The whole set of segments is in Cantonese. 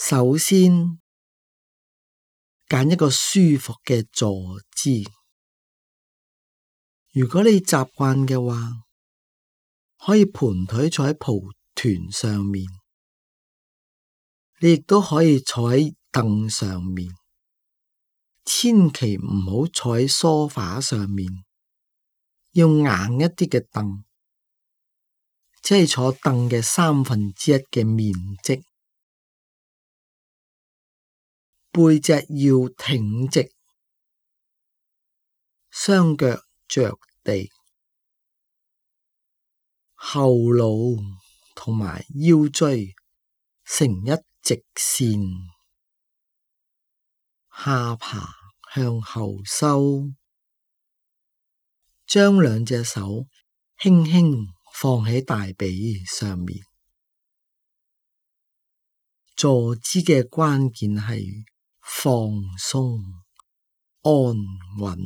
首先，揀一個舒服嘅坐姿。如果你習慣嘅話，可以盤腿坐喺蒲團上面。你亦都可以坐喺凳上面，千祈唔好坐喺梳化上面。要硬一啲嘅凳，即係坐凳嘅三分之一嘅面積。背脊要挺直，雙腳着地，後腦同埋腰椎成一直線，下巴向後收，將兩隻手輕輕放喺大髀上面。坐姿嘅關鍵係。放鬆、安穩，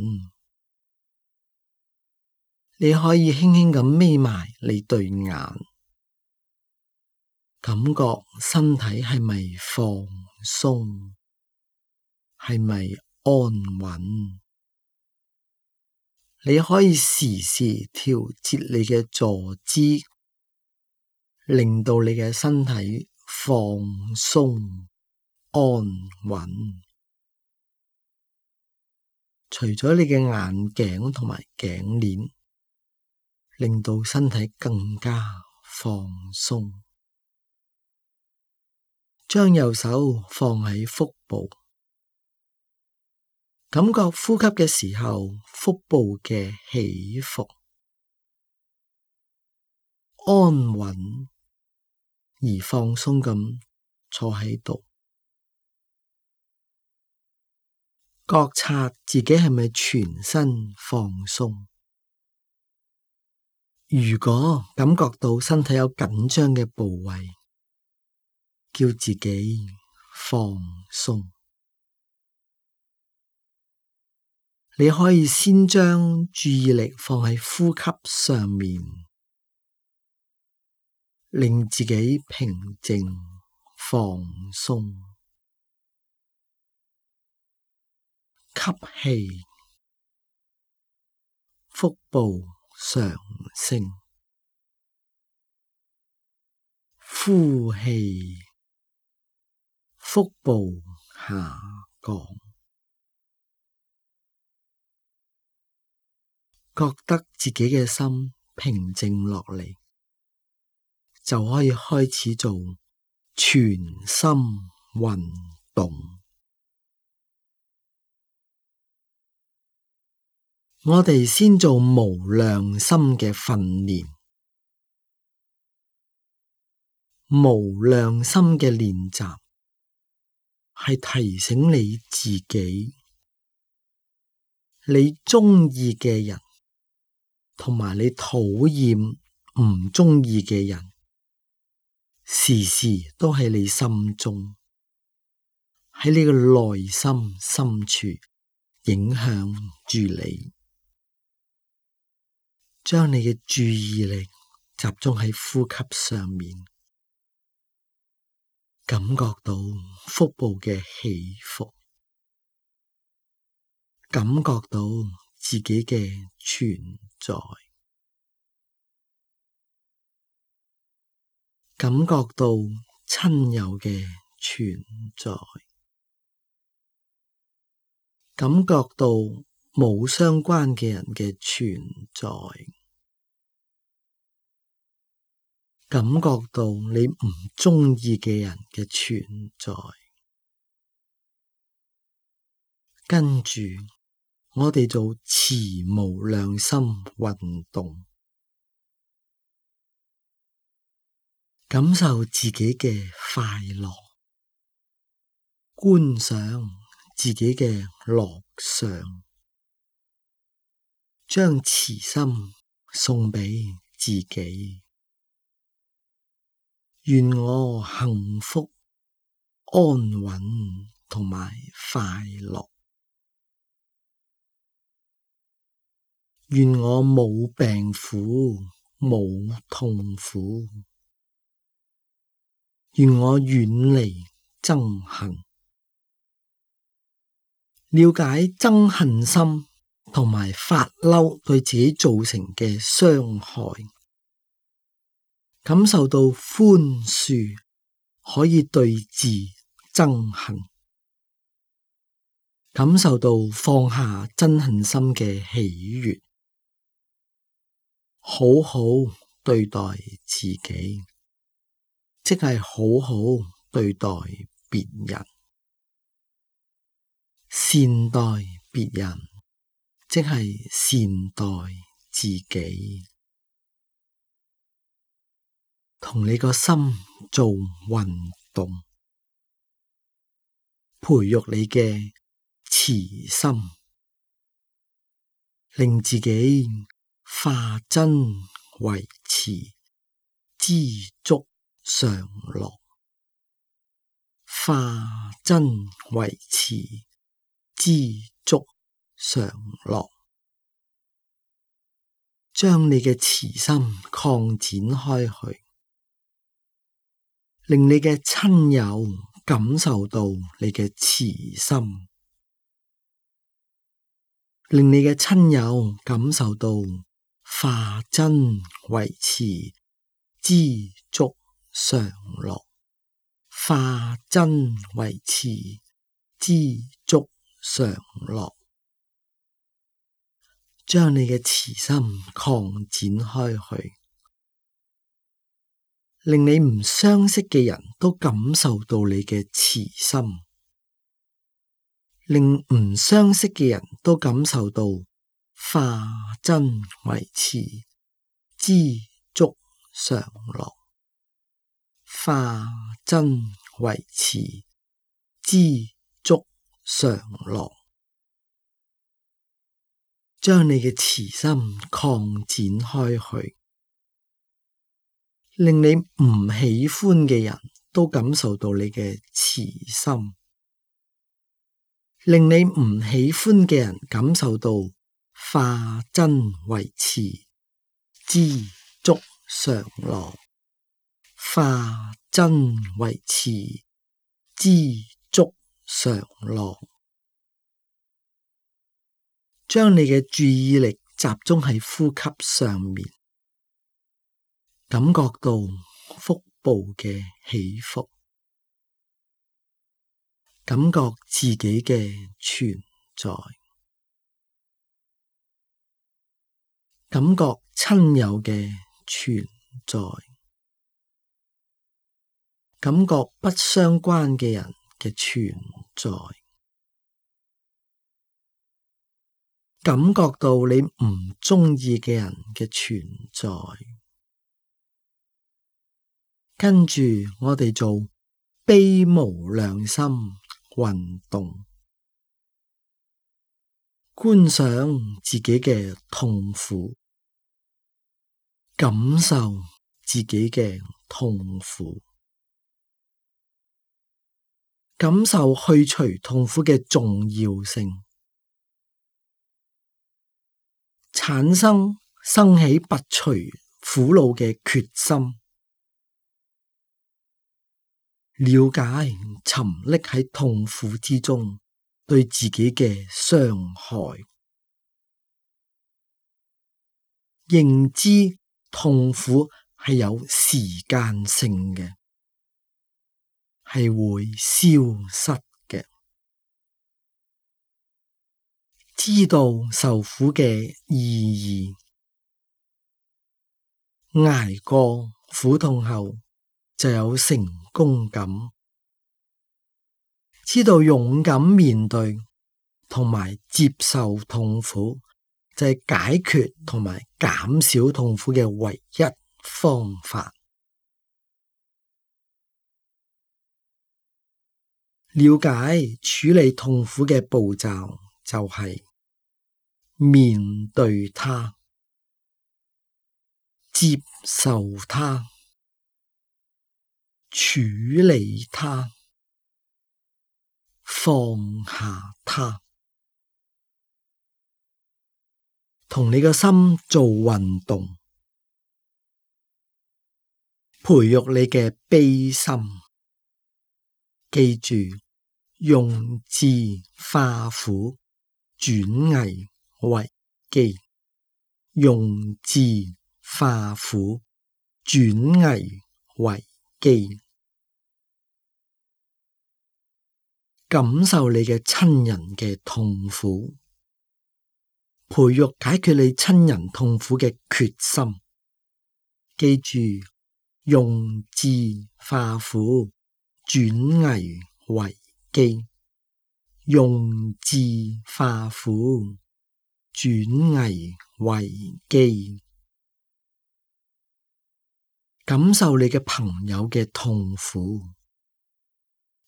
你可以輕輕咁眯埋你對眼，感覺身體係咪放鬆，係咪安穩？你可以時時調節你嘅坐姿，令到你嘅身體放鬆。安穩，On 除咗你嘅眼鏡同埋頸鏈，令到身體更加放鬆。將右手放喺腹部，感覺呼吸嘅時候，腹部嘅起伏，安穩而放鬆咁坐喺度。覺察自己係咪全身放鬆？如果感覺到身體有緊張嘅部位，叫自己放鬆。你可以先將注意力放喺呼吸上面，令自己平靜，放鬆。吸氣，腹部上升；呼氣，腹部下降。覺得自己嘅心平靜落嚟，就可以開始做全心運動。我哋先做無量心嘅訓練，無量心嘅練習係提醒你自己，你鍾意嘅人同埋你討厭唔鍾意嘅人，時時都喺你心中，喺你嘅內心深處影響住你。將你嘅注意力集中喺呼吸上面，感覺到腹部嘅起伏，感覺到自己嘅存在，感覺到親友嘅存在，感覺到。冇相關嘅人嘅存在，感覺到你唔鍾意嘅人嘅存在，跟住我哋做慈無量心運動，感受自己嘅快樂，觀賞自己嘅樂相。將慈心送畀自己，願我幸福、安穩同埋快樂，願我冇病苦、冇痛苦，願我遠離憎恨，了解憎恨心。同埋發嬲對自己造成嘅傷害，感受到寬恕可以對治憎恨，感受到放下憎恨心嘅喜悅，好好對待自己，即係好好對待別人，善待別人。即係善待自己，同你個心做運動，培育你嘅慈心，令自己化真為慈，知足常樂，化真為慈，知足。常樂，將你嘅慈心擴展開去，令你嘅親友感受到你嘅慈心，令你嘅親友感受到化真為慈，知足常樂，化真為慈，知足常樂。將你嘅慈心擴展開去，令你唔相識嘅人都感受到你嘅慈心，令唔相識嘅人都感受到化真為慈，知足常樂。化真為慈，知足常樂。將你嘅慈心擴展開去，令你唔喜歡嘅人都感受到你嘅慈心，令你唔喜歡嘅人感受到化瞋為慈，知足常樂。化瞋為慈，知足常樂。將你嘅注意力集中喺呼吸上面，感覺到腹部嘅起伏，感覺自己嘅存在，感覺親友嘅存在，感覺不相關嘅人嘅存在。感覺到你唔鍾意嘅人嘅存在，跟住我哋做悲無良心運動，觀賞自己嘅痛苦，感受自己嘅痛苦，感受去除痛苦嘅重要性。產生生起拔除苦惱嘅決心，了解沉溺喺痛苦之中對自己嘅傷害，認知痛苦係有時間性嘅，係會消失。知道受苦嘅意義，捱過苦痛後就有成功感。知道勇敢面對同埋接受痛苦，就係解決同埋減少痛苦嘅唯一方法。了解處理痛苦嘅步驟，就係。面對他，接受他，處理他，放下他，同你個心做運動，培育你嘅悲心。記住，用智化苦，轉危，為機。用智化苦，轉危為機，感受你嘅親人嘅痛苦，培育解決你親人痛苦嘅決心。記住，用智化苦，轉危為機，用智化苦。轉危為機，感受你嘅朋友嘅痛苦，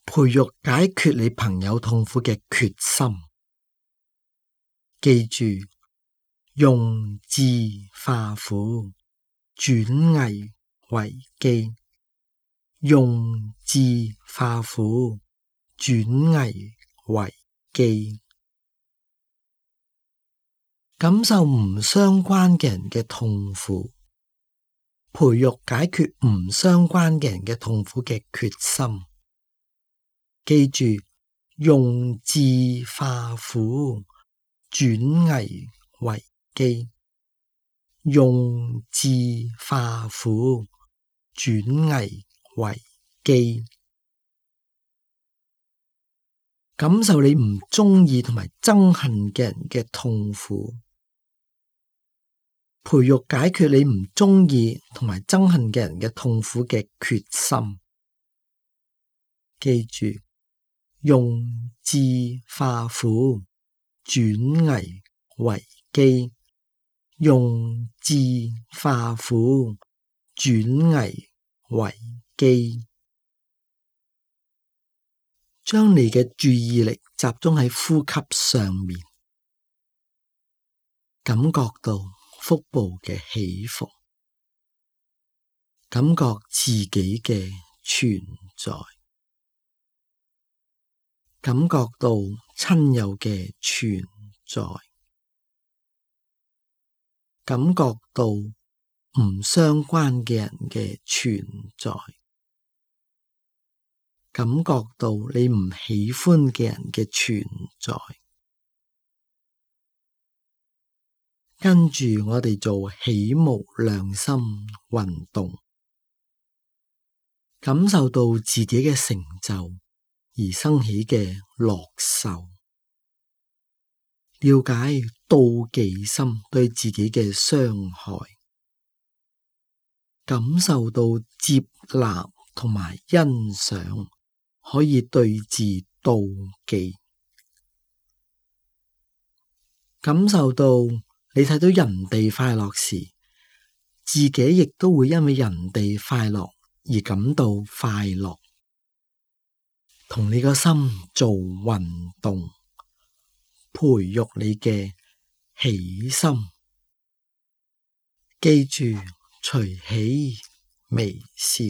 培育解決你朋友痛苦嘅決心。記住，用智化苦，轉危為機。用智化苦，轉危為機。感受唔相關嘅人嘅痛苦，培育解決唔相關嘅人嘅痛苦嘅決心。記住，用智化苦，轉危為機。用智化苦，轉危為機。感受你唔中意同埋憎恨嘅人嘅痛苦。培育解決你唔中意同埋憎恨嘅人嘅痛苦嘅決心，記住，用智化苦，轉危為機。用智化苦，轉危為機。將你嘅注意力集中喺呼吸上面，感覺到。腹部嘅起伏，感覺自己嘅存在，感覺到親友嘅存在，感覺到唔相關嘅人嘅存在，感覺到你唔喜歡嘅人嘅存在。跟住我哋做起無量心運動，感受到自己嘅成就而生起嘅樂受，了解妒忌心對自己嘅傷害，感受到接納同埋欣賞，可以對治妒忌，感受到。你睇到人哋快樂時，自己亦都會因為人哋快樂而感到快樂。同你個心做運動，培育你嘅喜心。記住，隨喜微笑，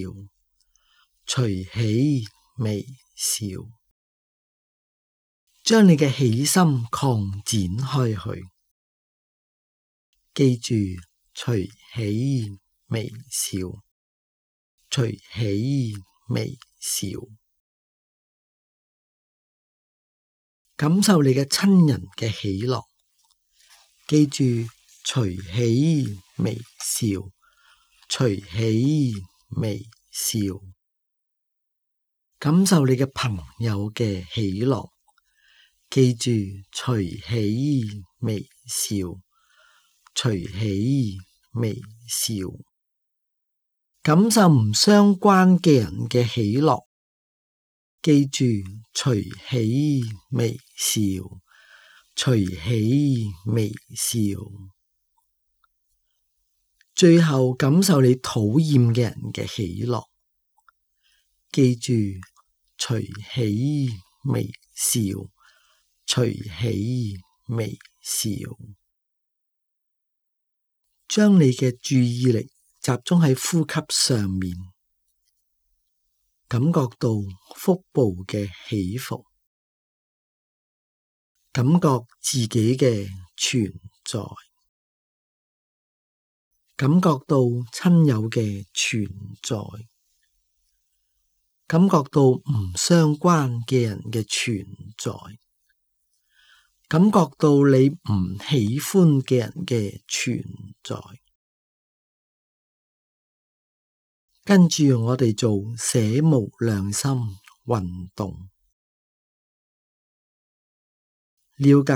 隨喜微笑，將你嘅喜心擴展開去。記住，隨喜微笑，隨喜微笑，感受你嘅親人嘅喜樂。記住，隨喜微笑，隨喜微笑，感受你嘅朋友嘅喜樂。記住，隨喜微笑。隨喜微笑，感受唔相關嘅人嘅喜樂，記住隨喜微笑，隨喜微笑。最後感受你討厭嘅人嘅喜樂，記住隨喜微笑，隨喜微笑。將你嘅注意力集中喺呼吸上面，感覺到腹部嘅起伏，感覺自己嘅存在，感覺到親友嘅存在，感覺到唔相關嘅人嘅存在。感覺到你唔喜歡嘅人嘅存在，跟住我哋做捨無量心運動，了解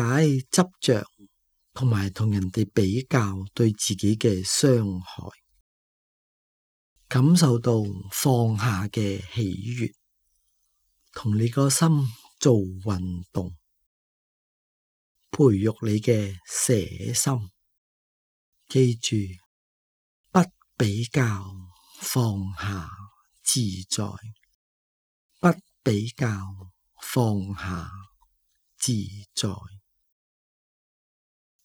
執着同埋同人哋比較對自己嘅傷害，感受到放下嘅喜悅，同你個心做運動。培育你嘅捨心，記住，不比較，放下自在；不比較，放下自在。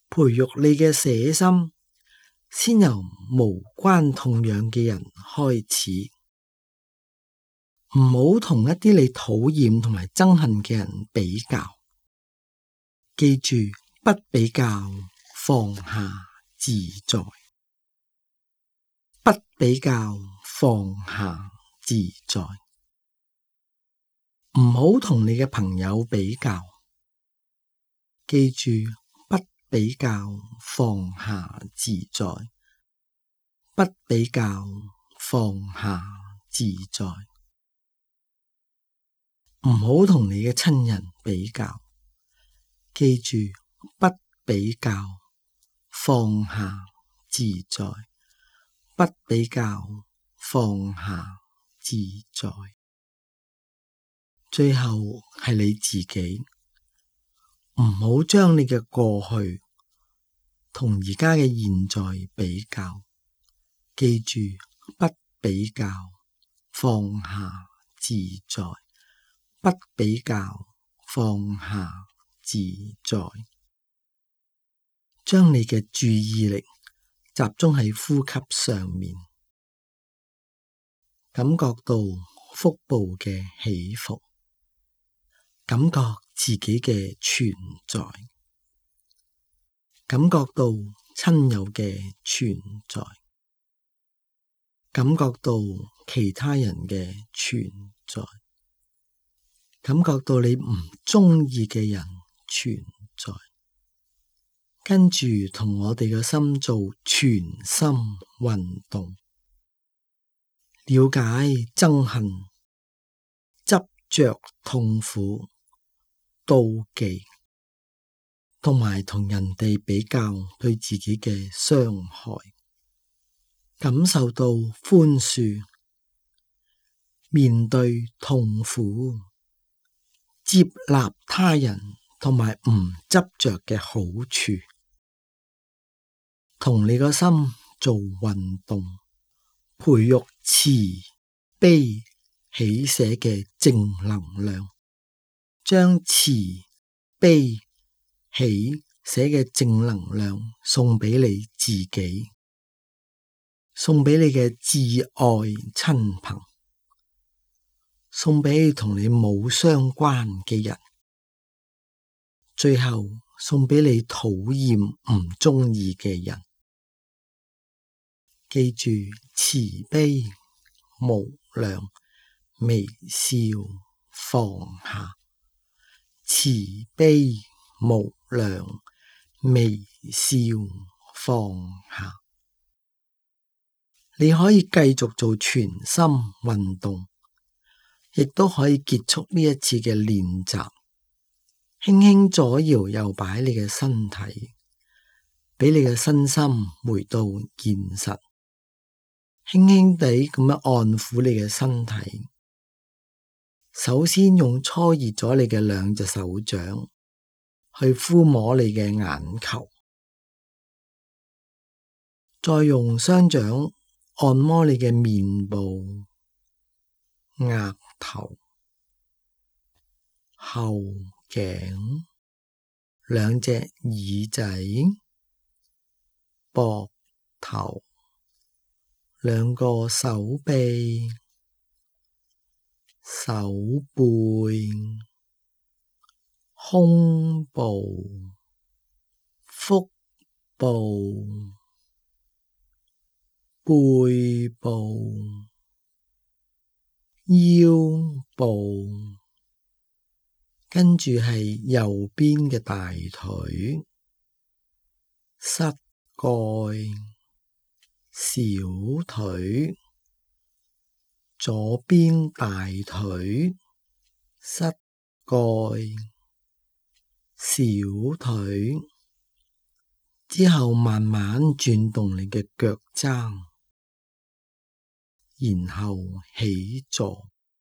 培育你嘅捨心，先由無關痛癢嘅人開始，唔好同一啲你討厭同埋憎恨嘅人比較。記住不比較，放下自在；不比較，放下自在。唔好同你嘅朋友比較。記住不比較，放下自在；不比較，放下自在。唔好同你嘅親人比較。記住不比較，放下自在；不比較，放下自在。最後係你自己，唔好將你嘅過去同而家嘅現在比較。記住不比較，放下自在；不比較，放下。自在，將你嘅注意力集中喺呼吸上面，感覺到腹部嘅起伏，感覺自己嘅存在，感覺到親友嘅存在，感覺到其他人嘅存在，感覺到你唔中意嘅人。存在，跟住同我哋嘅心做全心運動，了解憎恨、執着、痛苦、妒忌，同埋同人哋比較對自己嘅傷害，感受到寬恕，面對痛苦，接納他人。同埋唔執着嘅好處，同你個心做運動，培育慈悲喜捨嘅正能量，將慈悲喜捨嘅正能量送俾你自己，送俾你嘅摯愛親朋，送俾同你冇相關嘅人。最後送俾你討厭唔中意嘅人，記住慈悲無量，微笑放下，慈悲無量，微笑放下。你可以繼續做全心運動，亦都可以結束呢一次嘅練習。輕輕左搖右擺你嘅身體，俾你嘅身心回到現實。輕輕地咁樣按撫你嘅身體，首先用搓熱咗你嘅兩隻手掌去敷摸你嘅眼球，再用雙掌按摩你嘅面部、額頭、後、頸，兩隻耳仔，膊頭，兩個手臂，手背，胸部，腹部，背部，腰部。跟住係右邊嘅大腿、膝蓋、小腿；左邊大腿、膝蓋、小腿。之後慢慢轉動你嘅腳踭，然後起坐。